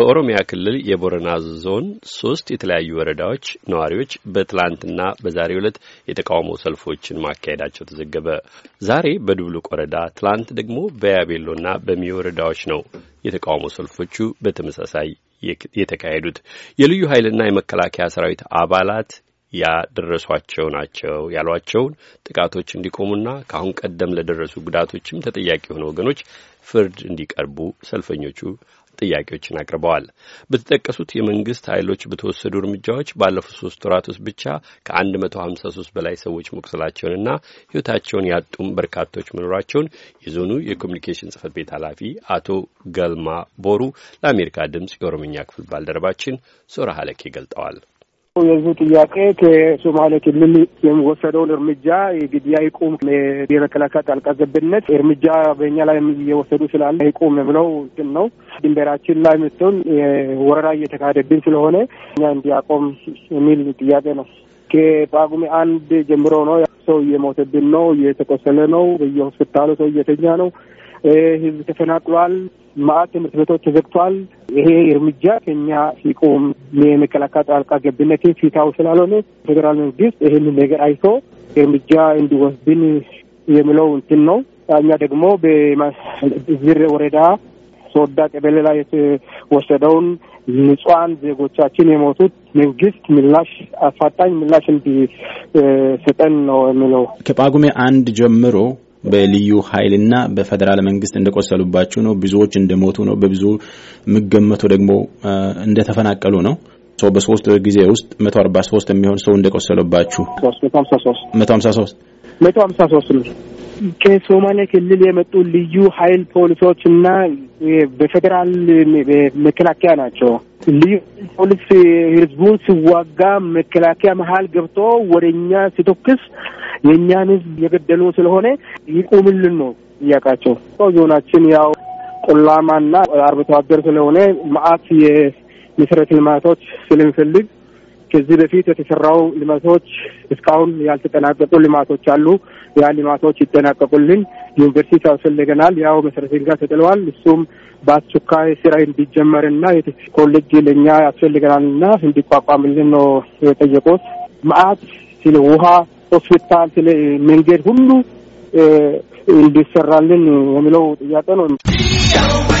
በኦሮሚያ ክልል የቦረና ዞን ሶስት የተለያዩ ወረዳዎች ነዋሪዎች በትላንትና በዛሬ ዕለት የተቃውሞ ሰልፎችን ማካሄዳቸው ተዘገበ። ዛሬ በዱብሉቅ ወረዳ፣ ትላንት ደግሞ በያቤሎና በሚ ወረዳዎች ነው የተቃውሞ ሰልፎቹ በተመሳሳይ የተካሄዱት። የልዩ ኃይልና የመከላከያ ሰራዊት አባላት ያደረሷቸው ናቸው ያሏቸውን ጥቃቶች እንዲቆሙና ከአሁን ቀደም ለደረሱ ጉዳቶችም ተጠያቂ የሆኑ ወገኖች ፍርድ እንዲቀርቡ ሰልፈኞቹ ጥያቄዎችን አቅርበዋል። በተጠቀሱት የመንግስት ኃይሎች በተወሰዱ እርምጃዎች ባለፉት ሶስት ወራት ውስጥ ብቻ ከ153 በላይ ሰዎች መቁሰላቸውንና ሕይወታቸውን ያጡም በርካቶች መኖራቸውን የዞኑ የኮሚኒኬሽን ጽህፈት ቤት ኃላፊ አቶ ገልማ ቦሩ ለአሜሪካ ድምፅ የኦሮምኛ ክፍል ባልደረባችን ሶራ ሀለኬ ገልጠዋል። የህዝቡ ጥያቄ ከሶማሌ ክልል የሚወሰደውን እርምጃ የግድያ ይቁም፣ የመከላከያ ጣልቃ ገብነት እርምጃ በኛ ላይ እየወሰዱ ስላለ ይቁም ብለው እንትን ነው። ድንበራችን ላይ ምትሆን ወረራ እየተካሄደብን ስለሆነ እኛ እንዲያቆም የሚል ጥያቄ ነው። ከጳጉሜ አንድ ጀምሮ ነው ሰው እየሞተብን ነው፣ እየተቆሰለ ነው፣ በየሆስፒታሉ ሰው እየተኛ ነው። ህዝብ ተፈናቅሏል። ማአት ትምህርት ቤቶች ተዘግቷል። ይሄ እርምጃ ከኛ ሲቆም የመከላከያ ጣልቃ ገብነት ፊታው ስላልሆነ ፌዴራል መንግስት ይህን ነገር አይቶ እርምጃ እንዲወስድን የምለው እንትን ነው። እኛ ደግሞ በዝር ወረዳ ሶወዳ ቀበሌ ላይ የተወሰደውን ንጹሐን ዜጎቻችን የሞቱት መንግስት ምላሽ አፋጣኝ ምላሽ እንዲሰጠን ነው የሚለው ከጳጉሜ አንድ ጀምሮ በልዩ ኃይልና በፌዴራል መንግስት እንደቆሰሉባቸው ነው። ብዙዎች እንደሞቱ ነው። በብዙ የሚገመቱ ደግሞ እንደተፈናቀሉ ነው። ሰው በሶስት ጊዜ ውስጥ 143 የሚሆን ሰው እንደቆሰለባችሁ 153 153 ነው። ከሶማሌ ክልል የመጡ ልዩ ኃይል ፖሊሶች እና በፌዴራል መከላከያ ናቸው። ልዩ ፖሊስ ህዝቡን ሲዋጋ መከላከያ መሀል ገብቶ ወደኛ ሲተኩስ የእኛን ህዝብ የገደሉ ስለሆነ ይቁምልን ነው ጥያቄያቸው። ዞናችን ያው ቆላማና አርብቶ አደር ስለሆነ ማአት የመሰረተ ልማቶች ስለሚፈልግ ከዚህ በፊት የተሰራው ልማቶች እስካሁን ያልተጠናቀቁ ልማቶች አሉ። ያ ልማቶች ይጠናቀቁልን። ዩኒቨርሲቲ ያስፈልገናል። ያው መሰረተ ድንጋይ ተጥለዋል። እሱም በአስቸኳይ ስራ እንዲጀመርና ኮሌጅ ለእኛ ያስፈልገናልና እንዲቋቋምልን ነው የጠየቁት። ማአት ስለ ውሃ ሆስፒታል፣ መንገድ ሁሉ እንዲሰራልን የሚለው ጥያቄ ነው።